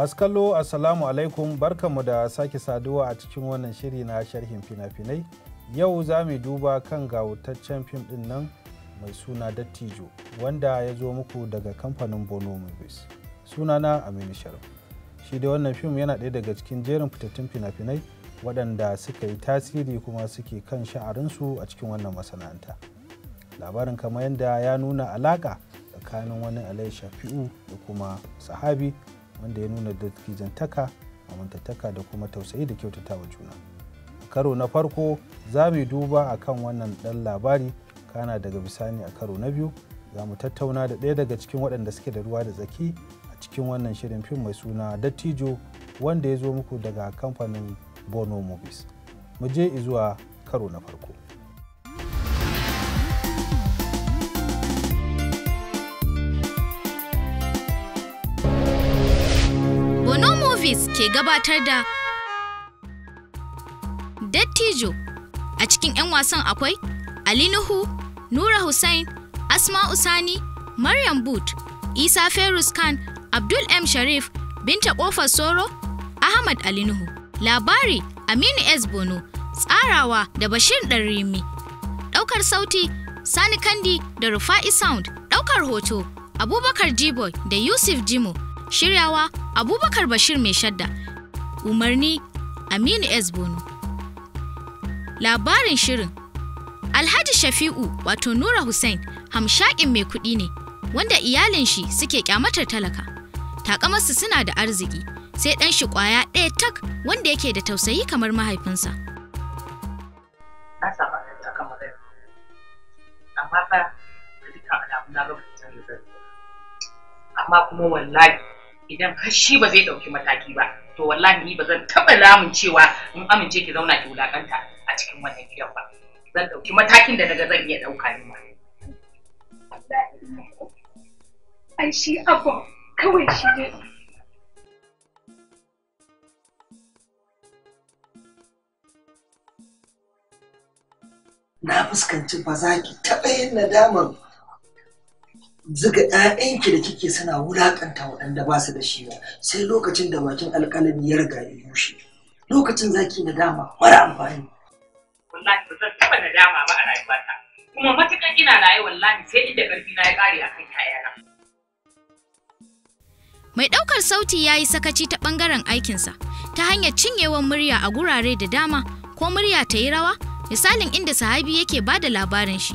Masu kallo Assalamu alaikum barkanmu da sake saduwa a cikin wannan shiri na sharhin fina-finai. Yau za mu duba kan gawutaccen fim ɗin nan mai suna Dattijo wanda ya zo muku daga kamfanin Bono Movies. Sunana Aminu Sharif. Shi da wannan fim yana ɗaya daga cikin jerin fitattun fina-finai waɗanda suka yi tasiri kuma suke kan sha'arinsu a cikin wannan masana'anta. Labarin kamar yadda ya nuna alaƙa tsakanin wani Alai Shafi'u da kuma sahabi wanda ya nuna dattijantaka mantattaka da kuma tausayi da kyautatawa juna a karo na farko za mu duba a kan wannan ɗan labari kana daga bisani a karo na biyu za mu tattauna da ɗaya daga cikin waɗanda suke da ruwa da tsaki a cikin wannan shirin fim mai suna dattijo wanda ya zo muku daga kamfanin bono movies mu je zuwa karo na farko ke gabatar da Dattijo a cikin 'yan wasan akwai Ali Nuhu, Nura Hussain, Asma Usani, Maryam But. Isa Ferus Khan, Abdul M. Sharif, Binta Kofar Soro, Ahmad Ali Nuhu. Labari Aminu S. Bono, tsarawa da Bashir Ɗanrimi. Ɗaukar sauti Sani Kandi da Rufa'i Sound, ɗaukar hoto Abubakar Jiboy da Yusuf Jimo. Shiryawa Abubakar Bashir mai shadda. Umarni Aminu S. Bono. Labarin shirin Alhaji Shafi'u wato Nura Hussein hamshakin mai kuɗi ne wanda iyalin shi suke kyamatar talaka. Takamarsu suna da arziki sai ɗan shi ƙwaya ɗaya tak wanda yake da tausayi kamar mahaifinsa. amma kuma wallahi idan har shi ba zai ɗauki mataki ba to wallahi ni ba zan taɓa lamun cewa in amince ki zauna ki wulaƙanta a cikin wannan gidan ba zan ɗauki matakin da daga zan iya ɗauka ni ma. Ai shi abu kawai shi ne. Na fuskanci ba za ki taɓa yin nadamar zuga 'ya'yanki da kike suna wulaƙanta waɗanda ba su da shi ba sai lokacin da bakin alƙalami ya riga ya bushe lokacin zaki na dama mara amfani wallahi ba zan taɓa nadama ba a rayuwata kuma matuƙar ina raye wallahi sai inda ƙarfi na ya ƙare a kan ƴaƴana mai ɗaukar sauti ya yi sakaci ta ɓangaren aikinsa ta hanyar cinyewar murya a gurare da dama ko murya ta yi rawa misalin inda sahabi yake ba da labarin shi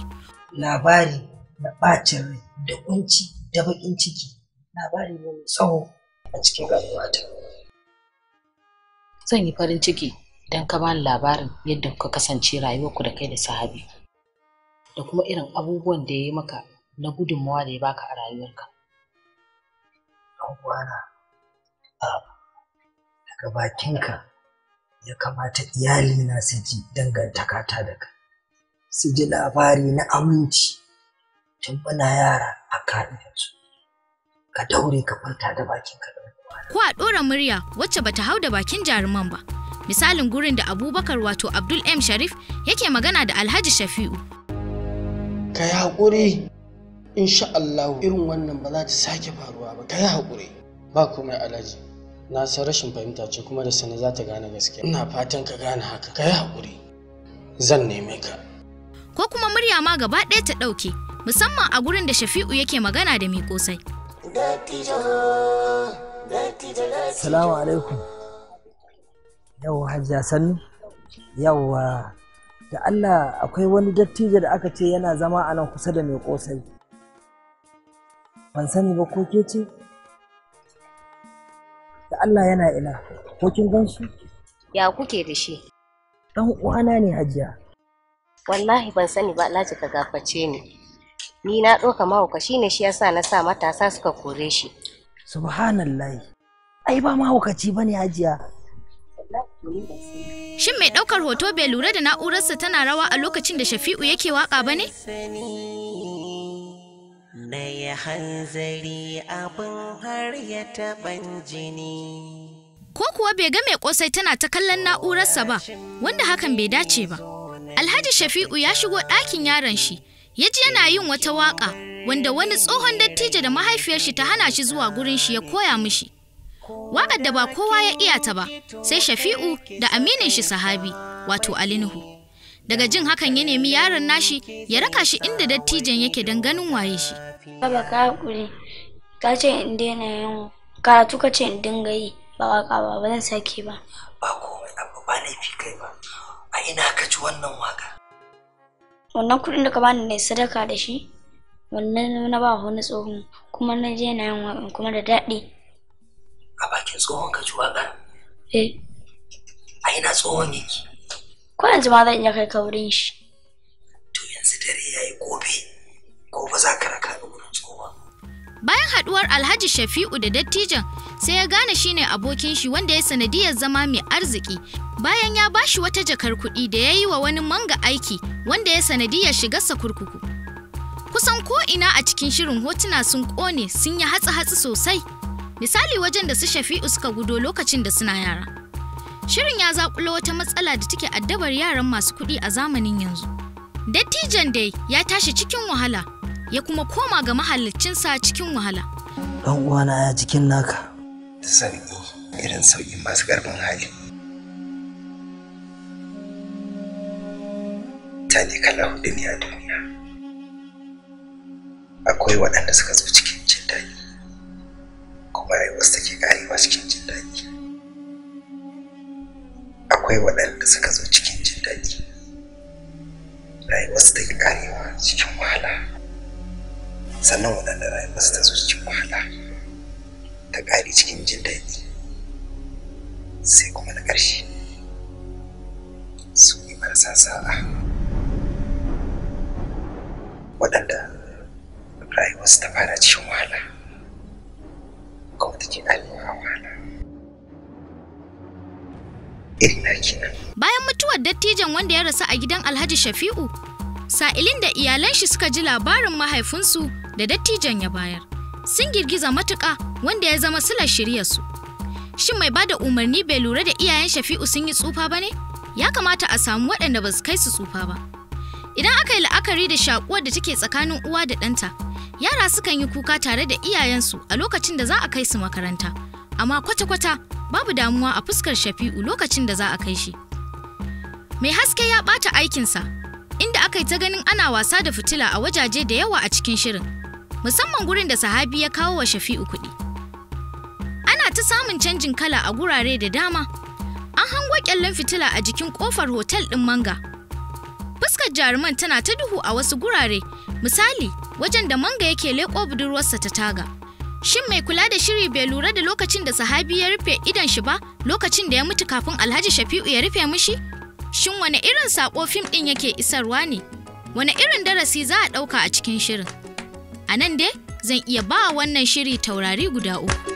labari na ɓacin rai da kunci da bakin ciki labari ne mai tsawo a cikin rayuwata. Zan yi farin ciki don ka bani labarin yadda kuka kasance rayuwarku da kai da sahabi da kuma irin abubuwan da ya yi maka na gudunmawa da ya baka a rayuwarka. uwana, a daga bakinka ya kamata iyalina su ji dangantakata da ka, su ji labari na aminci. tun muna yara a kaɗin yanzu ka daure ka kwanta da bakin ka ko a ɗora murya wacce bata hau da bakin jaruman ba misalin gurin da abubakar wato abdul m sharif yake magana da alhaji shafi'u ka yi haƙuri insha Allah irin wannan ba za ta sake faruwa ba ka yi haƙuri ba komai alhaji na san rashin fahimta ce kuma da sani za ta gane gaskiya ina fatan ka gane haka ka yi haƙuri zan neme ka ko kuma murya ma gaba ɗaya ta ɗauke musamman a gurin da Shafi'u yake magana da mai kosai. Salamu alaikum. Yau Hajiya Sannu. Yawwa da Allah akwai wani dattijo da aka ce yana zama a nan kusa da mai kosai. Ban sani ba ko ke ce? Da Allah yana ina, ko kin gan shi? Ya kuke da shi? Ɗan uwana ne Hajiya. Wallahi ban sani ba Alhaji ka gaface ni. ni na ɗauka mahaukaci ne shi yasa na sa matasa suka kore shi subhanallahi ai ba mahaukaci bane hajiya Shin mai ɗaukar hoto bai lura da na'urarsa tana rawa a lokacin da Shafi'u yake waka ba ne? Na yi hanzari abin har ya taɓan jini. Ko kuwa bai ga mai ƙosai tana ta kallon na'urarsa ba, wanda hakan bai dace ba. Alhaji Shafi'u ya shigo ɗakin yaron shi, ya ji yana yin wata waƙa wanda wani tsohon dattijo da mahaifiyar shi ta hana shi zuwa gurin shi ya koya mishi. Waƙar da ba kowa ya iya ta ba, sai Shafi'u da aminin shi sahabi, wato Alinuhu. Daga jin hakan ya nemi yaron nashi ya raka shi inda dattijan yake don ganin waye shi. Baba ka hakuri ka ce in daina yin karatu ka ce in dinga yi ba waƙa ba ba zan sake ba. Ba komai abu ba laifi kai ba, a ina ka ji wannan waƙa. wannan kuɗin da ka bani ne sadaka da shi wannan na ba wani tsohon kuma na je na yin waƙan kuma da daɗi a bakin tsohon ka ji waƙar eh a ina tsohon yake ko yanzu ma zan iya kai ka wurin shi to yanzu dare yayi gobe gobe za ka raka Bayan haduwar Alhaji Shafi'u da dattijan sai ya gane shi ne abokin shi wanda ya sanadiyar zama mai arziki. Bayan ya ba shi wata jakar kuɗi da ya yi wa wani manga aiki wanda ya sanadiyar shigarsa kurkuku. Kusan ko ina a cikin shirin hotuna sun ƙone sun yi hatsi-hatsi sosai. Misali wajen da su Shafi'u suka gudo lokacin da suna yara. Shirin ya zaƙulo wata matsala da take addabar yaran masu kuɗi a zamanin yanzu. Dattijan dai ya tashi cikin wahala ya kuma koma ga mahallicinsa cikin wahala. Ɗan uwana ya jikin naka. Sauƙi irin sauƙi masu ƙarfin hali. Tani kala hudu ne a duniya. Akwai waɗanda suka zo cikin jin daɗi, kuma su take ƙarewa cikin jin daɗi. Akwai waɗanda suka zo cikin jin daɗi, su take ƙarewa cikin wahala. sannan waɗanda rayuwar ta cikin wahala ta ƙare cikin jin daɗi sai kuma na ƙarshe su ne marasa sa'a waɗanda rayuwar su ta fara cikin wahala wata ke ƙarewa wahala irin na kenan bayan mutuwar dattijan wanda ya rasu a gidan alhaji shafi'u Sa'ilin da iyalan shi suka ji labarin mahaifinsu da dattijan ya bayar, sun girgiza matuƙa wanda ya zama silar su. Shin mai bada umarni bai lura da iyayen Shafi'u sun yi tsufa ba ne? Ya kamata a samu waɗanda ba su kai su tsufa ba. Idan aka yi la'akari da shakuwar da take tsakanin uwa da ɗanta, yara sukan yi kuka tare da iyayensu a lokacin da za a kai su makaranta. Amma kwata-kwata babu damuwa a fuskar Shafi'u lokacin da za a kai shi. Mai haske ya ɓata aikinsa inda aka yi ta ganin ana wasa da fitila a wajaje da yawa a cikin shirin, musamman gurin da sahabi ya kawo wa Shafi'u kuɗi. Ana ta samun canjin kala a gurare da dama. An hango ƙyallen fitila a jikin kofar hotel ɗin manga. Fuskar jaruman tana ta duhu a wasu gurare, misali wajen da manga yake leƙo budurwarsa ta taga. Shin mai kula da shiri bai lura da lokacin da sahabi ya rufe idon shi ba lokacin da ya mutu kafin Alhaji Shafi'u ya rufe mishi? Shin wane irin saƙo fim ɗin yake isarwa ne? Wane irin darasi za a ɗauka a cikin shirin? A nan dai zan iya ba wannan shiri taurari guda uku.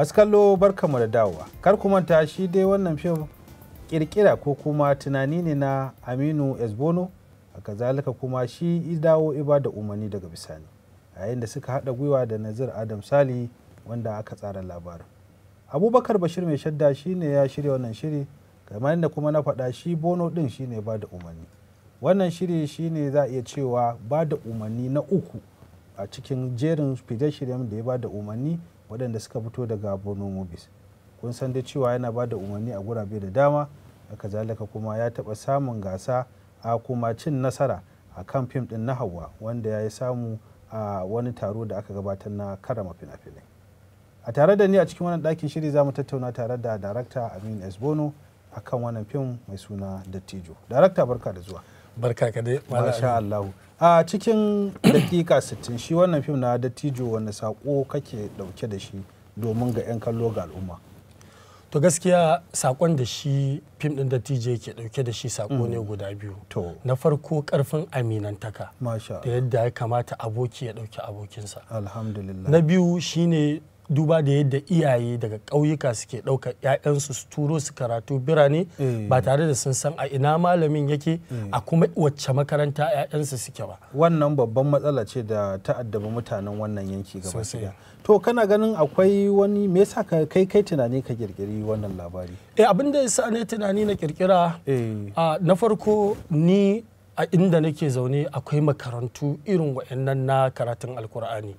masu kallo barkamu da dawowa kar ku manta shi dai wannan fim kirkira ko kuma tunani ne na aminu esbono a kazalika kuma shi dawo iba da umarni daga bisani yayin da suka haɗa gwiwa da nazir adam sali wanda aka tsara labarin abubakar bashir mai shadda shi ne ya shirya wannan shiri kamar da kuma na faɗa shi bono ɗin ne ba da umarni wannan shiri shi ne za a iya cewa ba da umarni na uku a cikin jerin shirye shiryam da ya ba da umarni waɗanda suka fito daga borno movies kun san da cewa yana ba da umarni a gurabe da dama a kazalika kuma ya taɓa samun gasa a kuma cin nasara a kan fim ɗin na hawa wanda ya yi samu a wani taro da aka gabatar na karama fina-finai a tare da ni a cikin wannan ɗakin shiri za mu tattauna tare da darakta amin esbono a kan wannan fim mai suna dattijo darakta barka da zuwa barka ka dai masha allahu a cikin dakika 60 shi wannan fim na dattijo wanda sako kake dauke da shi domin ga 'yan kallo ga al'umma to gaskiya sakon da shi fim din dattijo yake dauke da shi sako ne mm. guda biyu na farko karfin aminantaka da yadda ya kamata aboki ya dauki abokinsa na biyu shine duba da yadda iyaye daga ƙauyuka suke ɗaukar 'ya'yansu su turo su karatu birane eh. ba tare da sun san a ina malamin yake eh. a kuma wacce makaranta 'ya'yansu suke ba wannan babban matsala ce da ta'addaba mutanen wannan yanki gaba to kana ganin akwai wani me yasa ka kai kai tunani ka kirkiri wannan labari eh abin da yasa ne tunani na kirkira eh. na farko ni a inda nake zaune akwai makarantu irin wa'annan na karatun alkur'ani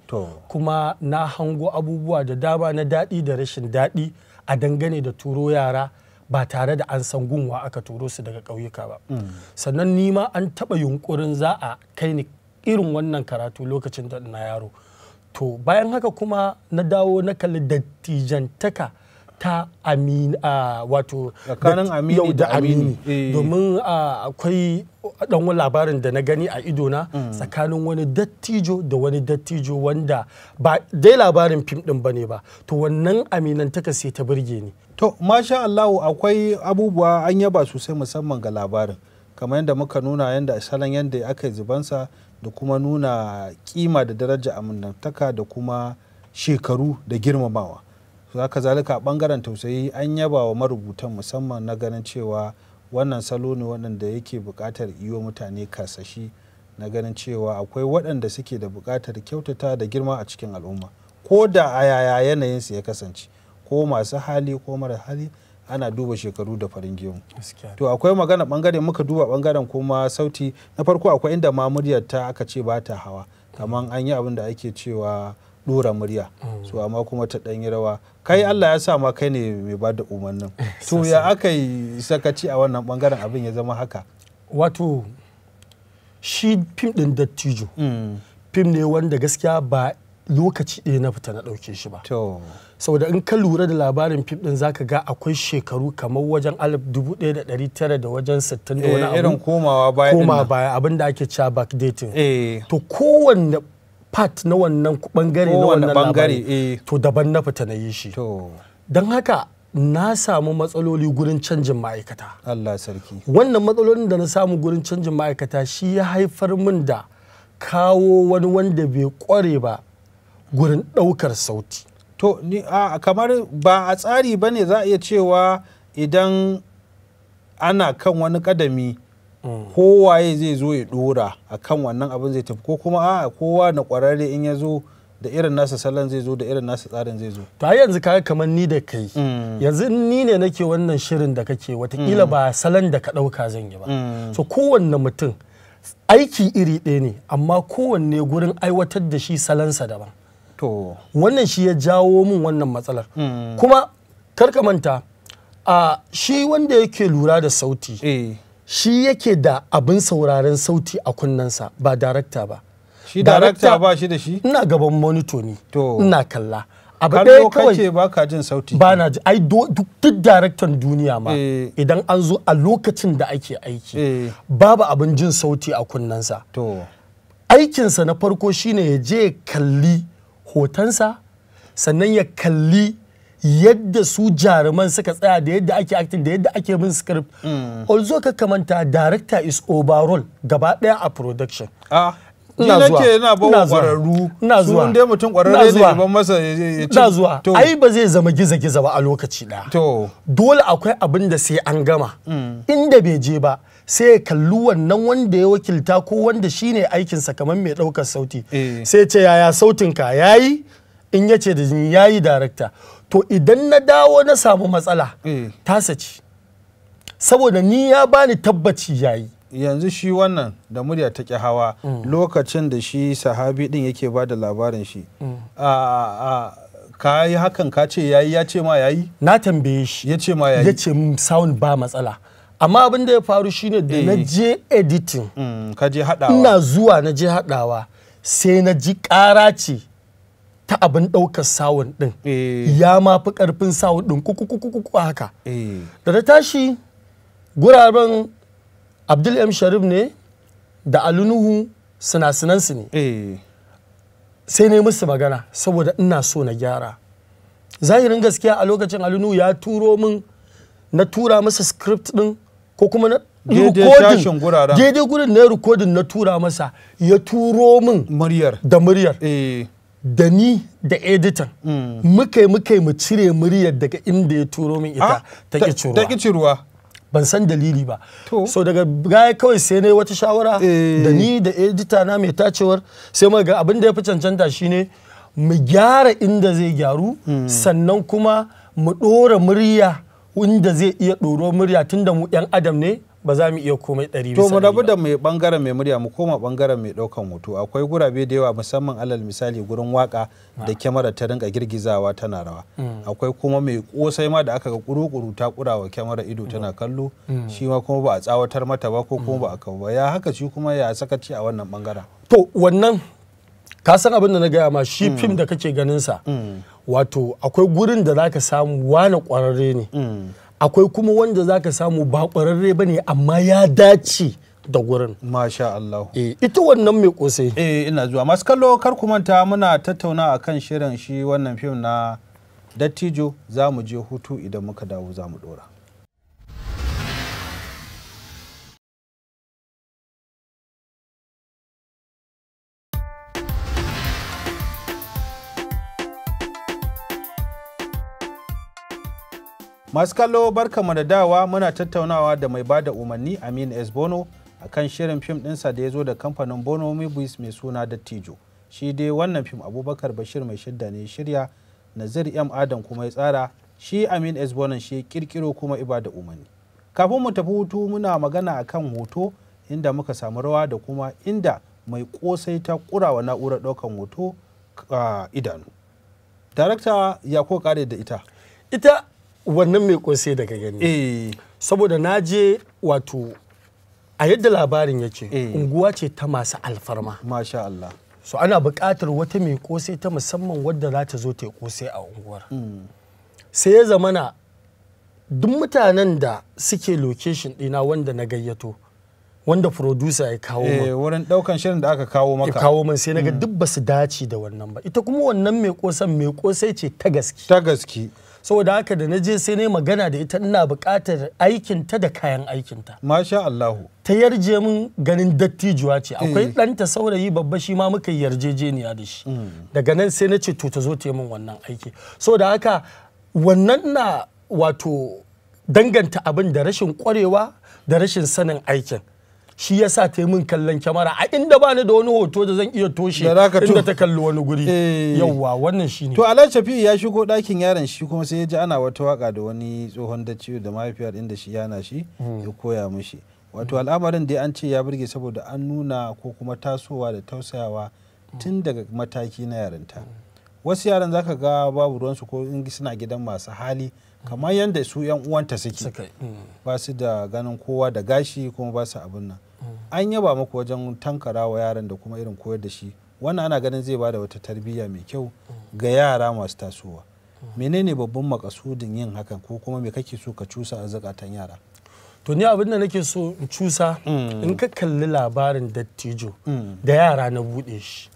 kuma na hango abubuwa da dama na daɗi da rashin daɗi a dangane da turo yara ba tare da an san gunwa aka turo su daga ƙauyuka ba mm. sannan nima an taɓa yunkurin za a kai ni irin wannan karatu lokacin da na yaro to bayan haka kuma na dawo na kalli dattijantaka ta a wato da amini eh. domin akwai dan labarin da na gani a idona mm. tsakanin wani dattijo da wani dattijo wanda ba dai labarin fim din bane ba to wannan aminantaka sai ta burge ni to masha Allah akwai abubuwa an yaba sosai musamman ga labarin kamar yadda muka nuna yadda salon yadda aka yi zubansa da kuma nuna kima da daraja amintaka da kuma shekaru da girmamawa za zalika a bangaren tausayi an yaba wa marubutan musamman na ganin cewa wannan salo ne waɗanda yake buƙatar iyo mutane kasashi na ganin cewa akwai waɗanda suke da buƙatar kyautata da girma a cikin al'umma ko da a yaya yanayinsu ya kasance ko masu hali ko mara hali ana duba shekaru da farin gemu to akwai magana bangare muka duba bangaren kuma sauti na farko akwai inda ma muryar ta aka ce ba ta hawa kamar an yi abin da ake cewa dura murya so amma kuma ta ɗanyi rawa kai Allah ya sa ma kai ne mai ba da umarnin to ya aka yi sakaci a wannan bangaren abin ya zama haka wato shi fim ɗin dattijo mm. fim ne wanda gaskiya ba lokaci ɗaya na fita na ɗauke shi ba saboda in ka lura da labarin fim ɗin zaka ga akwai shekaru kamar wajen alif dubu ɗaya da ɗari tara da wajen sittin da wani eh, abu komawa baya abin da ake cewa dating eh. to kowanne part na wannan bangare na wannan bangare eh. to daban na fita na yi shi don haka na samu matsaloli gurin canjin ma'aikata Allah sarki wannan matsalolin da na samu gurin canjin ma'aikata shi ya haifar min da kawo wani wanda bai kware ba gurin ɗaukar sauti to a kamar ba a tsari ba ne za a iya cewa idan ana kan wani kadami kowaye zai zo ya dora a kan wannan abin zai tafi ko kuma a kowa na kwararre in ya zo da irin nasa salon zai zo da irin nasa tsarin zai zo to yanzu ka kamar ni da kai mm. yanzu ni ne nake wannan shirin da kake watakila mm. ba salon da ka ɗauka zan yi ba mm. so kowanne mutum aiki iri ɗaya ne amma kowanne gurin aiwatar da shi salonsa daban to wannan shi ya jawo min wannan matsalar kuma kar ka manta a shi wanda yake lura da sauti eh. shi yake da abin sauraren sauti a kunnensa ba darakta ba shi darakta ba shi da shi ina gaban monito ne ina kalla abu ɗaya kawai ba ka jin sauti ba na ai duk daraktan duniya ma eh. idan an zo a lokacin da ake aiki eh. babu abin jin sauti a kunnensa aikinsa na farko shine ya je kalli hotonsa sannan ya kalli yadda su jaruman suka tsaya da yadda ake acting da yadda ake bin script hmm. also ka kamanta director is overall gaba daya a production ah, ina zuwa ina ba kwararru ina zuwa sun dai mutum kwararre ne ban masa ina zuwa ai ba zai zama giza giza ba a lokaci daya to dole akwai abin da sai an gama hmm. inda bai je ba sai ya kalli wannan wanda ya wakilta ko wanda shine aikinsa kamar mai ɗaukar sauti eh. sai ce yaya sautinka yayi in yace da yayi director. to idan na dawo na samu matsala eh. tasa ce saboda ni ya bani tabbaci yayi yanzu shi wannan da murya ta ƙi hawa mm. lokacin da shi sahabi din yake ba da labarin shi mm. ka yi hakan ka ce yayi ya ce ma yayi na tambaye shi ya ce ma yayi ya ce sound ba matsala amma abin da ya faru shine da na eh. je editing mm, ka je hadawa ina zuwa na je hadawa sai na ji ƙara ce ta abin ɗaukar sawun ɗin eh. ya ma fi ƙarfin sawun ɗin kuku haka eh. da ta tashi guraren abdul m sharif ne da alunuhu sinasinansu ne eh. sai ne musu magana saboda ina so na gyara zahirin gaskiya a lokacin alunuhu ya turo min na tura masa script ɗin ko kuma na daidai gurin na rikodin na tura masa ya turo min da muryar da ni da editan muka mm. muka mu cire muryar daga inda ya turo min ita ah, ta ki ciruwa ban san dalili ba so daga baya kawai sai ne wata shawara da eh. ni da edita na mai tacewar sai mu ga abin da ya fi cancanta shine mu gyara inda zai gyaru mm. sannan kuma mu ɗora murya wanda zai iya ɗoro murya tunda mu 'yan adam ne ba za mu iya komai ɗari to mu rabu da mai bangaren mai murya mu koma bangaren mai ɗaukan hoto akwai gurabe da yawa musamman alal misali gurin waka ah. da kyamara ta rinka girgizawa tana rawa hmm. akwai kuma mai kosai ma da aka ga kuru-kuru ta kurawa kyamara ido tana hmm. kallo hmm. shi ma kuma ba a tsawatar mata ba ko kuma ba a kawo ba ya haka shi kuma ya sakaci a wannan bangaren to wannan ka san abin da na gaya ma shi fim da kake ganin sa wato akwai gurin da zaka samu wane kwararre ne akwai kuma wanda zaka samu ba kwararre bane amma ya dace da gurin. Masha Allah. eh ita wannan mai kosai. eh ina zuwa. Masu kallo kar ku manta muna tattauna akan shirin shi wannan fim na Dattijo zamu je hutu idan muka dawo zamu mu dora. masu kallo barkamu da dawa muna tattaunawa da mai bada umarni aminu s bono a kan shirin fim ɗinsa da ya zo da kamfanin bono movies mai suna dattijo shi dai wannan fim abubakar bashir mai shidda ne shirya nazir m adam kuma ya tsara shi amin s bono shi kirkiro kuma ibada umarni kafin mu tafi hutu muna magana akan hoto inda muka samu rawa da kuma inda mai kosai ta kurawa na'urar ɗaukan hoto ah, idanu darakta ya ko kare da ita ita wannan mai kosai daga gani eh. saboda na je wato a yadda labarin yake eh. unguwa ce ta masu alfarma masha Allah so ana buƙatar wata mai kosai ta musamman wadda za ta zo ta kose a unguwar hmm. sai ya zamana duk mutanen da suke location ɗina wanda na gayyato wanda producer ya kawo eh, min. Eh, wurin daukan shirin da aka kawo maka. Ya kawo min sai naga hmm. duk basu dace da wannan ba. Ita kuma wannan mai kosan mai kosai ce ta gaske. Ta gaske. saboda haka da na je sai na yi magana da ita ina buƙatar aikinta da kayan aikinta masha Allahu ta yarje min ganin dattijuwa ce akwai eh. ɗanta saurayi babba shi ma muka yarjejeniya da shi mm. daga nan sai na ce to ta zo ta min wannan aiki saboda haka wannan na wato danganta abin da rashin kwarewa da rashin sanin aikin shi ya sa ta min kallon kyamara a inda ba ni da wani hoto da zan iya toshe inda ta kalli wani guri eh. yauwa wannan shi ne to alai shafi ya shigo ɗakin yaran shi kuma sai ya ji ana wata waka da wani tsohon ciwo da mahaifiyar inda shi yana shi hmm. ya koya mishi wato al'amarin da an ce ya burge saboda an nuna ko kuma tasowa da tausayawa tun daga mataki na yarinta hmm. wasu yaran zaka ga babu ruwansu ko in suna gidan masu hali kamar yadda su yan uwanta suke hmm. ba su da ganin kowa da gashi kuma ba su abin nan an yaba muku wajen tankara wa yaran da kuma irin koyar da shi wannan ana ganin zai bada wata tarbiyya mai kyau ga yara masu tasowa menene babban makasudin yin hakan ko kuma me kake so ka cusa a zakatan yara to ni abin da nake so in cusa mm. in ka kalli labarin dattijo mm. da yara na bude shi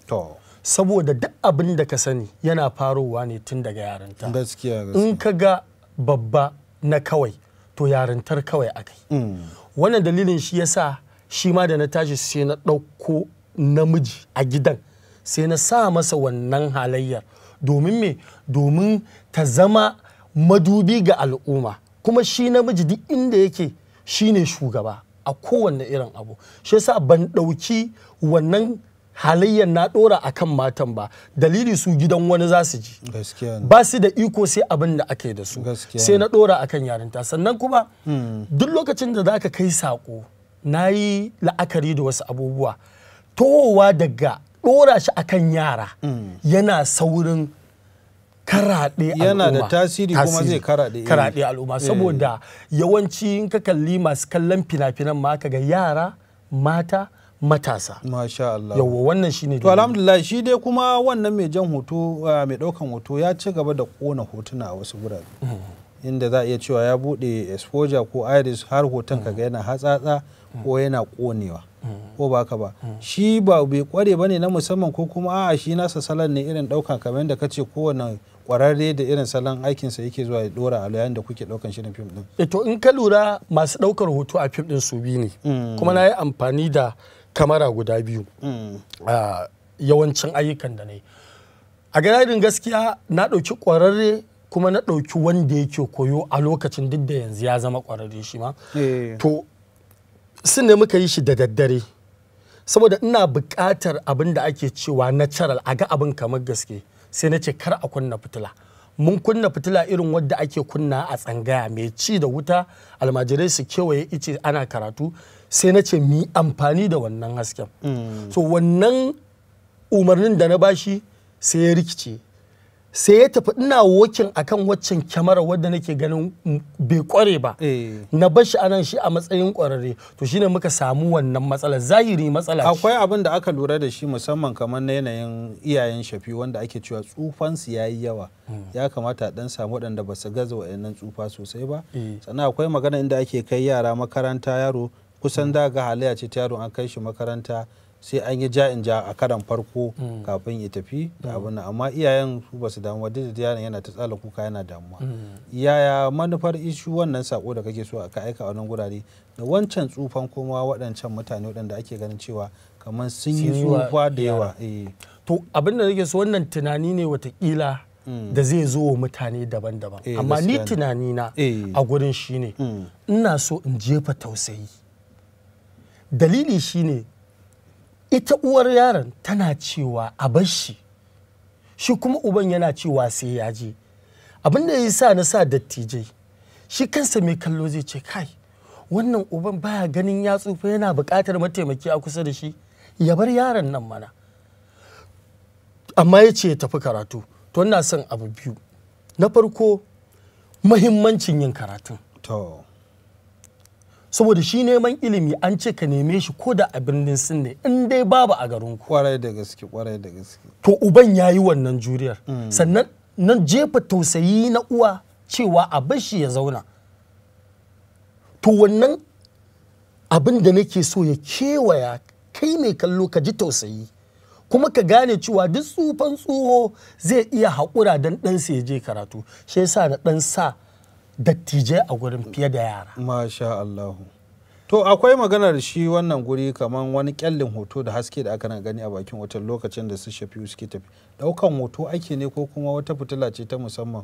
saboda duk abin da ka sani yana farowa ne tun daga yarinta in ka ga babba na kawai to yarintar kawai akai mm. wannan dalilin shi yasa shi ma da na tashi sai na ɗauko namiji a gidan sai na sa masa wannan halayyar domin me domin ta zama madubi ga al'umma kuma shi namiji duk inda yake shi ne shugaba a kowanne irin abu shi sa ban ɗauki wannan halayyar na ɗora a kan matan ba dalili su gidan wani za su ji ba su da iko sai abin da aka yi da su sai na ɗora a kan yarinta sannan kuma hmm. duk lokacin da za ka kai saƙo na yi la'akari da wasu abubuwa towa daga ɗora shi akan yara mm. yana saurin karaɗe al'umma yana da tasiri kuma zai karaɗe eh. al'umma eh. saboda yawanci in ka kalli masu kallon fina-finan ma ka ga yara mata matasa masha Allah yawa wannan shine to alhamdulillah shi dai kuma wannan mai jan hoto mai ɗaukan hoto ya ci gaba da kona hotuna a wasu gurare mm. inda za a iya cewa ya buɗe exposure ko iris har hoton kaga mm. yana hatsatsa ko yana konewa ko ba ka ba shi ba bai kware ba ne na musamman ko kuma a'a shi nasa salon ne irin ɗauka kamar yadda ka ce kowane kwararre da irin salon aikinsa yake zuwa ya dora a yayin da kuke daukan shirin fim din. Eh to in ka lura masu ɗaukar hoto a fim din su biyu ne mm. kuma na yi amfani da kamara guda biyu mm. a yawancin ayyukan da na yi a gadadin gaskiya na ɗauki kwararre kuma na ɗauki wanda yake koyo a lokacin duk da yanzu ya zama kwararre shi ma eh. to sun ne muka yi shi da daddare saboda ina bukatar abin da ake cewa natural a ga abin kamar gaske sai na ce kar a kunna fitila mun kunna fitila irin wadda ake kunna a tsangaya mai ci da wuta almajirai su kewaye ice ana karatu sai na ce mi amfani da wannan hasken mm. so wannan umarnin da na bashi sai ya rikice sai ya tafi ina wokin akan waccan kyamara wadda nake ganin bai kware ba eh. na bar shi anan shi a matsayin kwararre to shine muka samu wannan matsalar zahiri matsala akwai abin da aka lura da shi musamman kamar na yanayin iyayen shafi wanda ake cewa tsufan su yayi yawa hmm. ya kamata dan samu wadanda ba su gaza wayannan tsufa sosai ba eh. sannan akwai magana inda ake kai yara makaranta yaro kusan daga halayya ce ta yaro an kai shi makaranta sai an yi ja'in ja a karan farko mm. kafin ya tafi da mm. abin amma iyayen su ba su damuwa duk da yana ta tsala kuka yana damuwa mm. yaya manufar ishu wannan sako da kake so ka aika a wannan gurare da wancan tsufan kuma waɗancan mutane waɗanda ake ganin cewa kamar sun yi tsufa da yawa eh. to abin da nake so wannan tunani ne watakila da zai zo wa mutane daban-daban eh, amma ni tunani na eh. a gurin shine ina so in jefa tausayi dalili shine ita uwar yaron tana cewa a bar shi shi kuma uban yana cewa sai ya je abin da ya sa na sa dattijai shi kansa mai kallo zai ce kai wannan uban baya ganin ya tsufa yana bukatar mataimaki a kusa da shi ya bar yaron nan mana amma ya ce ya tafi karatu to ina son abu biyu na farko mahimmancin yin karatun saboda shi neman ilimi an ce ka neme shi ko da abin birnin sin ne in dai babu a garin ku kwarai da gaske kwarai da gaske to uban ya yi wannan juriyar mm. sannan nan jefa tausayi na uwa cewa a bar shi ya zauna to wannan abin da nake so ya kewaya kai mai kallo ka ji tausayi kuma ka gane cewa duk tsufan tsoho zai iya haƙura don ɗansa ya je karatu shi yasa na ɗan sa dattijai a gurin fiye da yara masha Allah to akwai maganar shi wannan guri kamar wani kyallin hoto da haske da aka gani a bakin wutar lokacin da su shafi suke tafi daukan hoto ake ne ko kuma wata fitila ce ta musamman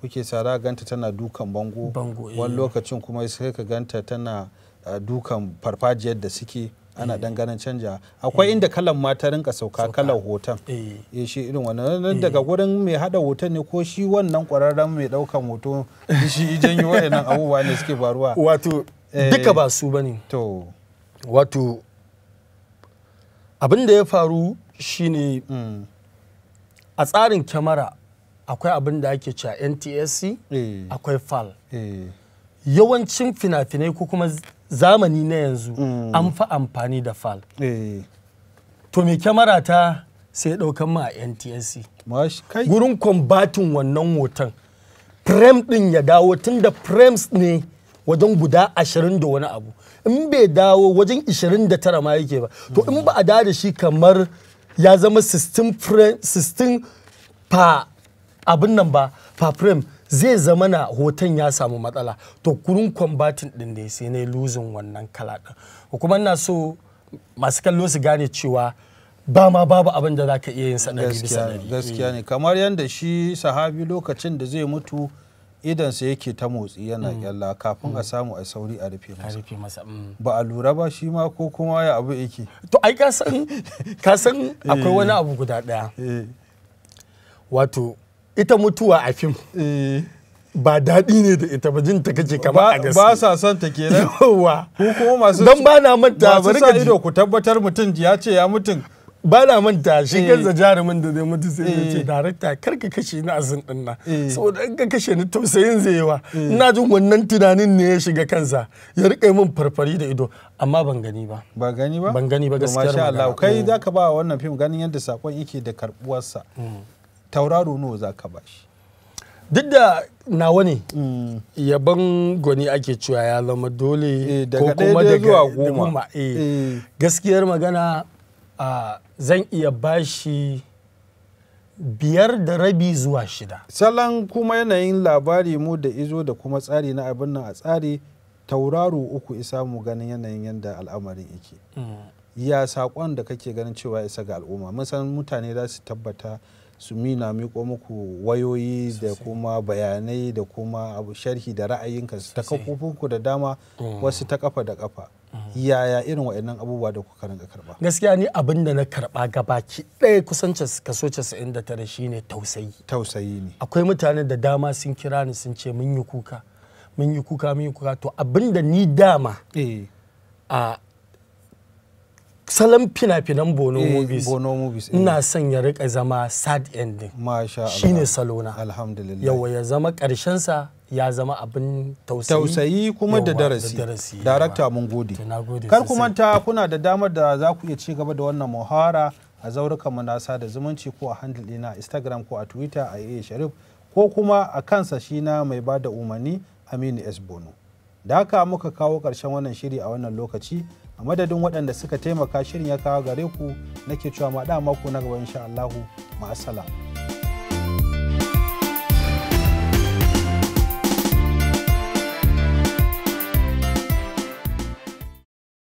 kuke sara ganta tana dukan bango eh. wani lokacin kuma sai ka ganta tana eh, dukan farfajiyar da suke ana dan ganin canja akwai inda kalan mata rinka sauka kalan hoton eh, eh shi irin wannan eh. daga gurin mai hada hoton ne ko shi wannan kwararren mai daukan hoto shi janyo wayannan abubuwa ne suke faruwa wato eh. duka ba su bane to wato abin da ya faru shine mm. a tsarin kyamara akwai abin da ake cewa ntsc akwai fal yawancin fina-finai ko kuma zamani na yanzu mm. an fi amfani da fal eh. to me kyamara ta sai ɗaukan ma a ntsc gurin kwambatin wannan hoton frame ɗin ya dawo tunda da ne wajen guda ashirin da wani abu in bai dawo wajen ishirin da tara ma yake ba to in ba a da da shi kamar ya zama system pa abin nan ba pa frame zai zama na hoton ya samu matsala to kurin kwambatin din ne sai na luzin wannan kala din hukumar na so masu kallo su gane cewa ba ma babu abin da zaka iya yin sanari gaskiya gaskiya ne kamar yadda shi sahabi lokacin da zai mutu sa yake ta motsi yana mm. kyalla kafin a mm. samu a sauri a rufe masa mm. ba a lura ba shi ma ko kuma ya abu yake to ai ka san eh. akwai wani abu guda daya eh. wato ita mutuwa a fim eh. ba daɗi ne da ita ba jin ta kake kama a gaske ba sa son ta kenan yawa ko kuma masu dan ba na manta ba ka ido ku tabbatar mutum ya ce ya mutum ba na manta shi kansa eh. jarumin da zai mutu sai ya ce eh. darakta kar ka kashe ni a zin din nan saboda in ka kashe ni tausayin zai yi wa ina jin wannan tunanin ne ya shiga kansa ya rika min farfari da ido amma ban gani ba ba gani ba ban gani ba gaskiya masha Allah kai mm. zaka ba wannan fim ganin yadda sakon yake da karbuwarsa mm. tauraro nawa za ka bashi duk da nawa ne mm. yaban gwani ake cewa ya zama dole eh, ko kuma daga goma eh, eh. gaskiyar magana zan iya bashi biyar da rabi zuwa shida salon kuma yanayin labari mu da izo da kuma tsari na abin nan a tsari tauraro uku isa mu ganin yanayin yadda al'amarin yake mm. ya saƙon da kake ganin cewa isa ga al'umma mun san mutane za su tabbata su mina miko muku wayoyi da kuma bayanai da kuma abu sharhi da ra'ayinka ta kafofinku da dama mm. wasu ta kafa da kafa mm. yaya irin wa'annan abubuwa da kuka rinka karba gaskiya ni abin da na karba gabaki ɗaya kusan kaso 99 shine tausayi tausayi ne akwai mutane da dama sun kira ni sun ce mun yi kuka mun yi kuka mun yi kuka to abin da ni dama eh. a salon fina-finan bono eh, movies eh. ina son ya rika zama sad ending shine salona alhamdulillah yawa ya zama karshen sa ya zama abin tausayi tausayi kuma da darasi director mun gode kar ku manta kuna da damar da za ku iya ci gaba da wannan muhara a zaurukan mu na sada zumunci ko a handle ɗina instagram ko a twitter a iya sharif ko kuma a kansa shi na mai bada umarni aminu s bono da haka muka kawo ƙarshen wannan shiri a wannan lokaci a madadin waɗanda suka taimaka shirin ya kawo gare ku nake cewa ma dama ku na gaba insha Allahu ma'asala.